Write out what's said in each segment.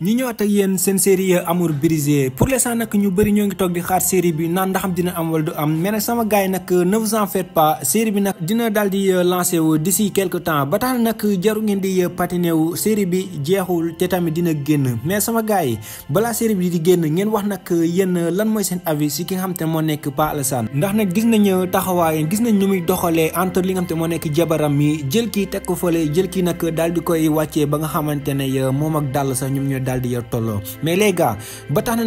ñu ñëwaat ak yéen seen série amul brisé pour le l'instant nag ñu bëri ñoo ngi toog di xaar série bi naan dina am wala sama gars yi nag euh, ne vous en faites pas série bi nag dina daal di euh, lancé wu d'ici quelque temps ba tax nag jaru ngeen di euh, patiné wu série bi jeexul te tamit dina génn mais sama gars yi balaa série bi di génn ngeen wax nag yéen lan mooy seen avis si ki nga xam te moo nekk Pa Alassane ndax nag gis nañ taxawaay gis nañ nu muy doxalee entre li nga xam moo nekk jabaram yi jël ki teg ko fële jël kii nag daal di koy wàccee ba nga xamante ne moom ak dàll sax ñoom ñoo dal di yor tolo mais les gars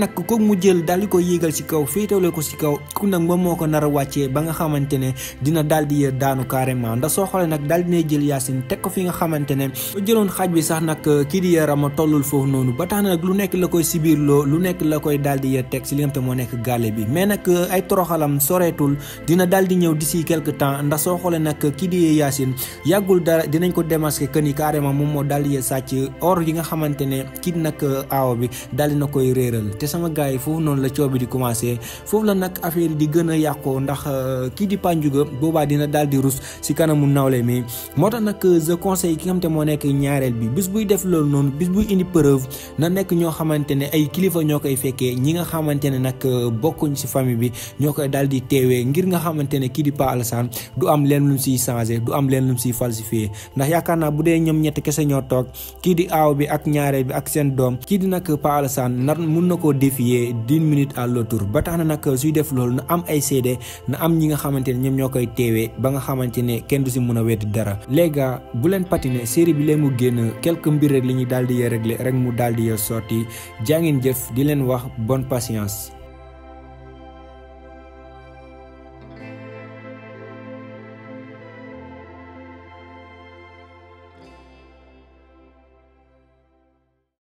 nak ko mu jël dal di ko yéegal ci kaw féetewle ko ci kaw ku nak moom moo ko nar ba nga ne dina dal di yor daanu carrément nak soo xoolee nag dal dina jël yaasin teg ko fi nga xamante ne jëloon xaaj bi sax nag eh, kii di yarama tollul foofu noonu ba tax na lu nekk la koy sibir loo lu nekk la koy dal di yor teg ci li nga xam nekk gàlle bi mais nag eh, ay toroxalam soreetul dina dal di ke d'ici quelque temps ndax soo xoolee nag kii di dinañ ko démasquer que carrément moom moo dal di or yi nga ne nag euh, aaw bi daal na foofu noonu la coow bi di commencé foofu la di gën a yàqoo ndax euh, kii di Pandiouga boobaa dina daal di rus si kanamu nawle mi moo tax nag je euh, conseil ki nga te moo nekk ñaareel bi bis buy def loolu noonu bis buy indi preuve na nekk ñoo xamante ne ay kilifa ñoo koy fekkee ñi nga xamante ne nag bokkuñ si famille bi ñoo koy daal di teewee ngir nga xamante ne kii di Pa Alassane du am leen lum siy changé du am leen lum siy falsifié ndax yaakaar naa bu dee ñoom ñett kese ñoo toog kii di aaw bi ak ñaareel bi ak seen doom kii di nag Pa Alassane nar mun na koo défier d'une minute à l'autre ba tax na nag suy def loolu na am ay seede na am ñi nga xamante ne ñoom ñoo koy teewee ba nga xamante ne kenn du si mun a weddi dara léegi bu leen patiner série bi leen mu génn quelque mbir rek li ñuy daal di yee régler rek mu daal di yee sorti jaa ngeen jëf di leen wax bonne patience